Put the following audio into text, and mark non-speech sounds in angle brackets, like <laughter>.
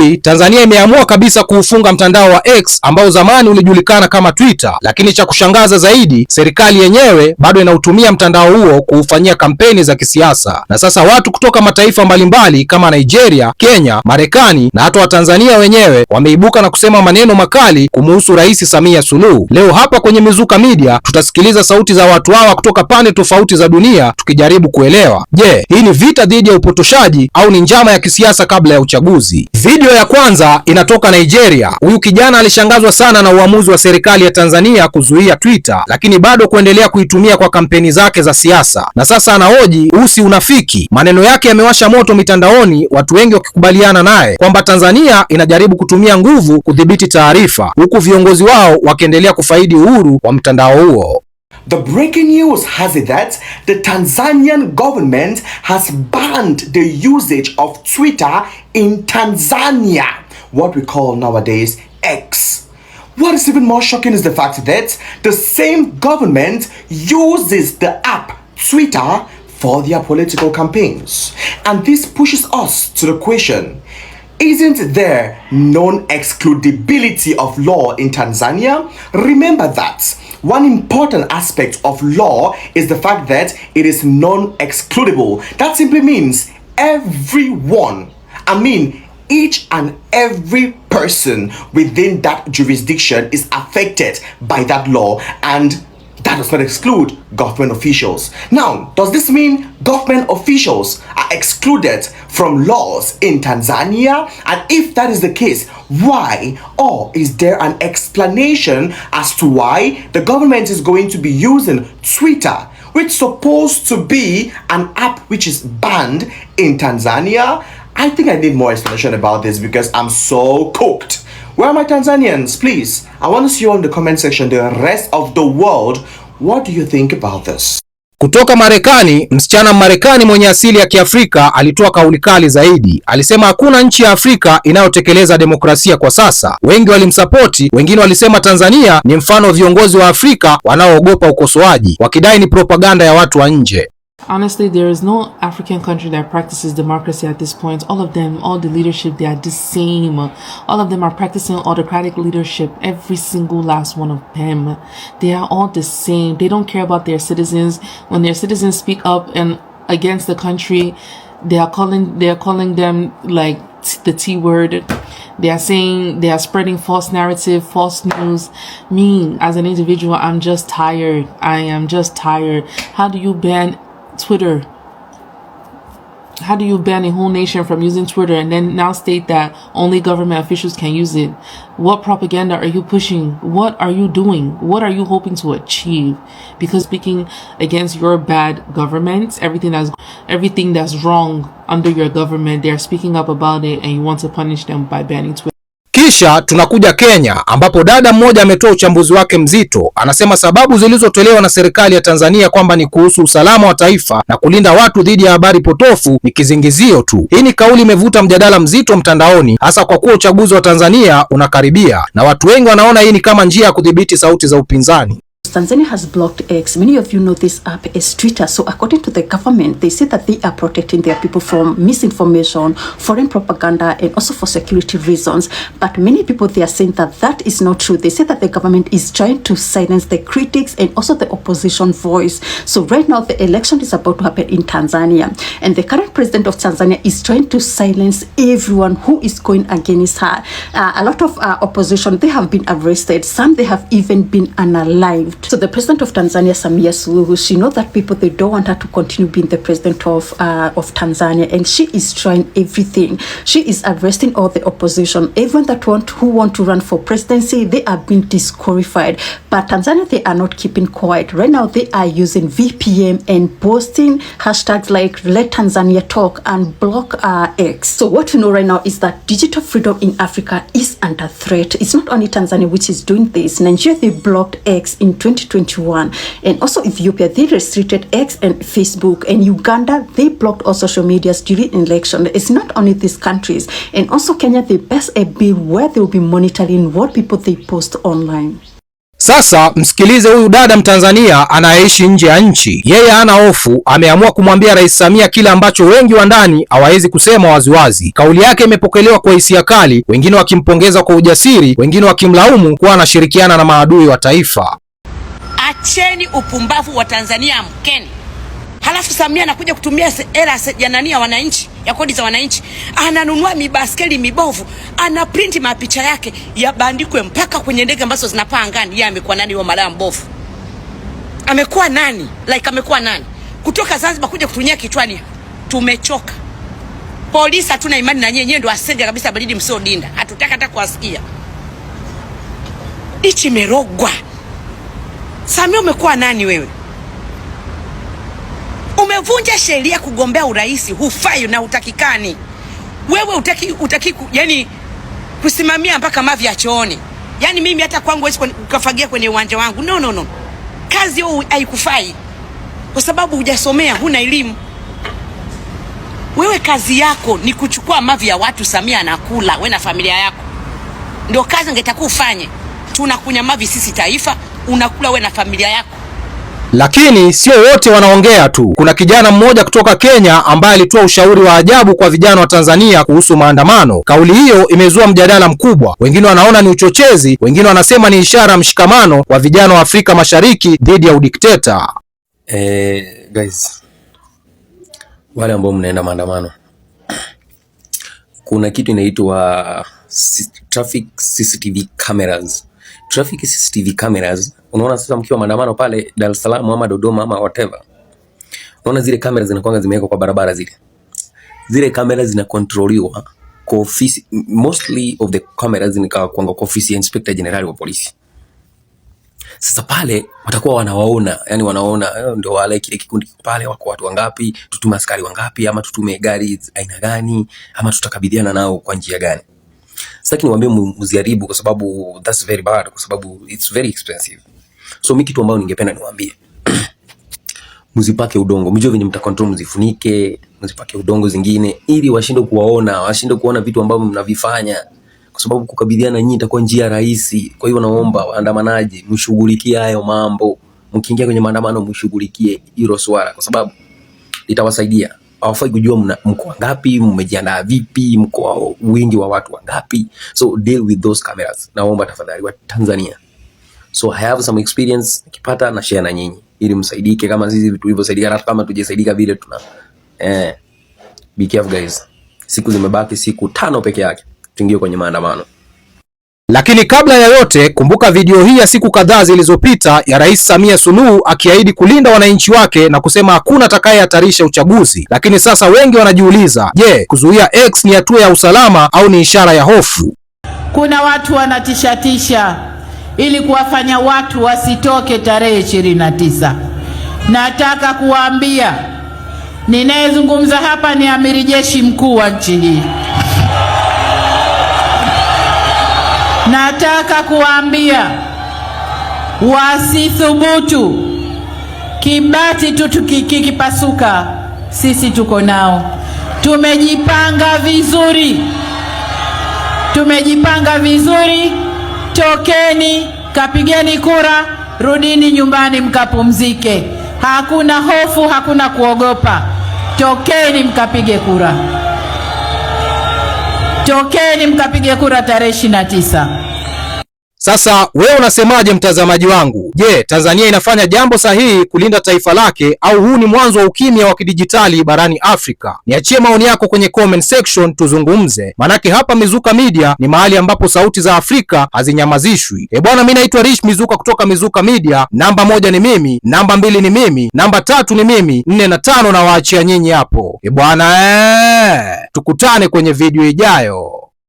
hivi Tanzania imeamua kabisa kuufunga mtandao wa X ambao zamani ulijulikana kama Twitter, lakini cha kushangaza zaidi, serikali yenyewe bado inautumia mtandao huo kuufanyia kampeni za kisiasa, na sasa watu kutoka mataifa mbalimbali kama Nigeria, Kenya, Marekani na hata Watanzania wenyewe wameibuka na kusema maneno makali kumuhusu Rais Samia Suluhu. Leo hapa kwenye Mizuka Media tutasikiliza sauti za watu hawa kutoka pande tofauti za dunia, tukijaribu kuelewa, je, hii ni vita dhidi ya upotoshaji au ni njama ya kisiasa kabla ya uchaguzi? Video Video ya kwanza inatoka Nigeria. Huyu kijana alishangazwa sana na uamuzi wa serikali ya Tanzania kuzuia Twitter, lakini bado kuendelea kuitumia kwa kampeni zake za siasa, na sasa anahoji usi unafiki. Maneno yake yamewasha moto mitandaoni, watu wengi wakikubaliana naye kwamba Tanzania inajaribu kutumia nguvu kudhibiti taarifa, huku viongozi wao wakiendelea kufaidi uhuru wa mtandao huo. The breaking news has it that the Tanzanian government has banned the usage of Twitter in Tanzania, what we call nowadays X. What is even more shocking is the fact that the same government uses the app Twitter for their political campaigns. And this pushes us to the question isn't there non excludability of law in Tanzania? Remember that one important aspect of law is the fact that it is non-excludable. That simply means everyone, I mean each and every person within that jurisdiction is affected by that law and that does not exclude government officials. Now, does this mean government officials are excluded from laws in Tanzania? And if that is the case, why? Or is there an explanation as to why the government is going to be using Twitter? Which is supposed to be an app which is banned in Tanzania. I think I need more explanation about this because I'm so cooked. Where are my Tanzanians? Please, I want to see you in the comment section. The rest of the world, what do you think about this? Kutoka Marekani, msichana Marekani mwenye asili ya Kiafrika alitoa kauli kali zaidi. Alisema hakuna nchi ya Afrika inayotekeleza demokrasia kwa sasa. Wengi walimsapoti, wengine walisema Tanzania ni mfano wa viongozi wa Afrika wanaoogopa ukosoaji, wakidai ni propaganda ya watu wa nje. Honestly, there is no African country that practices democracy at this point. All of them, all the leadership, they are the same. All of them are practicing autocratic leadership. Every single last one of them. They are all the same. They don't care about their citizens. When their citizens speak up and against the country, they are calling, they are calling them like the T word. They are saying they are spreading false narrative, false news. Me, as an individual, I'm just tired. I am just tired. How do you ban Twitter. How do you ban a whole nation from using Twitter and then now state that only government officials can use it? What propaganda are you pushing? What are you doing? What are you hoping to achieve? Because speaking against your bad government, everything that's everything that's wrong under your government, they're speaking up about it and you want to punish them by banning Twitter. Kisha tunakuja Kenya ambapo dada mmoja ametoa uchambuzi wake mzito. Anasema sababu zilizotolewa na serikali ya Tanzania kwamba ni kuhusu usalama wa taifa na kulinda watu dhidi ya habari potofu ni kizingizio tu. Hii ni kauli imevuta mjadala mzito mtandaoni, hasa kwa kuwa uchaguzi wa Tanzania unakaribia na watu wengi wanaona hii ni kama njia ya kudhibiti sauti za upinzani. Tanzania has blocked X. Many of you know this app is Twitter. So according to the government, they say that they are protecting their people from misinformation, foreign propaganda, and also for security reasons. But many people, they are saying that that is not true. They say that the government is trying to silence the critics and also the opposition voice. So right now, the election is about to happen in Tanzania. And the current president of Tanzania is trying to silence everyone who is going against her. Uh, a lot of uh, opposition, they have been arrested. Some, they have even been unalived. So the president of Tanzania, Samia Suluhu, she knows that people, they don't want her to continue being the president of, uh, of Tanzania. And she is trying everything. She is arresting all the opposition. Even that want who want to run for presidency, they are being disqualified. But Tanzania, they are not keeping quiet. Right now, they are using VPN and posting hashtags like let Tanzania talk and block uh, X. So what we know right now is that digital freedom in Africa is under threat. It's not only Tanzania which is doing this. Nigeria, they blocked X in 20 2021. And also Ethiopia, they restricted X and Facebook. And Uganda, they blocked all social medias during election. It's not only these countries. And also Kenya, they pass a bill where they will be monitoring what people they post online. Sasa msikilize huyu dada Mtanzania anayeishi nje ya nchi. Yeye hana hofu, ameamua kumwambia Rais Samia kile ambacho wengi wa ndani hawawezi kusema waziwazi. Kauli yake imepokelewa kwa hisia kali, wengine wakimpongeza kwa ujasiri, wengine wakimlaumu kuwa anashirikiana na maadui wa taifa. Acheni upumbavu wa Tanzania, amkeni. Halafu Samia anakuja kutumia hela ya nani ya wananchi ya kodi za wananchi, ananunua mibaskeli mibovu, ana print mapicha yake yabandikwe mpaka kwenye ndege ambazo zinapaa angani. Yeye amekuwa nani wa malaya mbovu? Amekuwa nani? Like amekuwa nani? Kutoka Zanzibar kuja kutunyia kichwani, tumechoka. Polisi hatuna imani na nyinyi, ndo asenge kabisa, baridi msio dinda, hatutaka hata kuwasikia. Ichi merogwa. Samia, umekuwa nani wewe? Umevunja sheria kugombea urais, hufai na utakikani wewe, utaki, utaki yani kusimamia mpaka mavi ya chooni. Yani mimi hata kwangu wezi ukafagia kwenye uwanja wangu. No, no, no, kazi hiyo haikufai kwa sababu hujasomea, huna elimu wewe. Kazi yako ni kuchukua mavi ya watu, Samia anakula, we na familia yako, ndio kazi ungetakiwa ufanye tunakunywa mavi sisi taifa, unakula we na familia yako. Lakini sio wote wanaongea tu. Kuna kijana mmoja kutoka Kenya ambaye alitoa ushauri wa ajabu kwa vijana wa Tanzania kuhusu maandamano. Kauli hiyo imezua mjadala mkubwa, wengine wanaona ni uchochezi, wengine wanasema ni ishara ya mshikamano wa vijana wa Afrika Mashariki dhidi ya udikteta. Eh, guys, wale ambao mnaenda maandamano, kuna kitu inaitwa traffic CCTV cameras traffic CCTV cameras, unaona sasa, mkiwa maandamano pale Dar es Salaam ama Dodoma ama whatever, unaona zile kamera zinakuwa zimewekwa kwa barabara zile zile kamera zinakontroliwa kwa ofisi, mostly of the cameras zinakaa kwa ofisi ya Inspector General wa polisi. Sasa pale watakuwa wanawaona, yani wanaona eh, ndio wale kile kikundi pale, wako watu wangapi, tutume askari wangapi, ama tutume gari aina gani, ama tutakabidhiana nao kwa njia gani. Sitaki niwaambie mziharibu kwa sababu that's very bad, kwa sababu it's very expensive. So mimi kitu ambayo ningependa niwaambie <clears throat> mzipake udongo, mjue venye mta control, mzifunike, mzipake udongo zingine, ili washinde kuwaona, washinde kuona vitu ambavyo mnavifanya, kwa sababu kukabidhiana nyinyi itakuwa njia rahisi. Kwa hiyo naomba waandamanaji, mshughulikie hayo mambo, mkiingia kwenye maandamano mshughulikie hilo swala, kwa sababu litawasaidia hawafai kujua mko wangapi, mmejiandaa vipi, mko wingi wa watu wangapi. So deal with those cameras, naomba tafadhali wa Tanzania. So I have some experience nikipata na share na nyinyi ili msaidike kama sisi tulivyosaidika na kama tujisaidika vile tuna eh, be careful guys. Siku zimebaki siku tano peke yake tuingie kwenye maandamano. Lakini kabla ya yote, kumbuka video hii ya siku kadhaa zilizopita ya Rais Samia Suluhu akiahidi kulinda wananchi wake na kusema hakuna atakayehatarisha uchaguzi. Lakini sasa wengi wanajiuliza, je, kuzuia X ni hatua ya usalama au ni ishara ya hofu? Kuna watu wanatishatisha ili kuwafanya watu wasitoke tarehe 29. Nataka kuwaambia ninayezungumza hapa ni amiri jeshi mkuu wa nchi hii. Nataka kuambia wasithubutu. Kibati tu kikipasuka, sisi tuko nao. Tumejipanga vizuri, tumejipanga vizuri. Tokeni kapigeni kura, rudini nyumbani mkapumzike. Hakuna hofu, hakuna kuogopa. Tokeni mkapige kura. Tokeni mkapige kura tarehe na 29. Sasa wewe unasemaje, mtazamaji wangu? Je, Tanzania inafanya jambo sahihi kulinda taifa lake au huu ni mwanzo wa ukimya wa kidijitali barani Afrika? Niachie maoni yako kwenye comment section tuzungumze, manake hapa Mizuka Media ni mahali ambapo sauti za Afrika hazinyamazishwi. E bwana, mimi naitwa Rich Mizuka kutoka Mizuka Media. Namba moja ni mimi, namba mbili ni mimi, namba tatu ni mimi, nne na tano na waachia nyinyi hapo. E bwana, ee, tukutane kwenye video ijayo.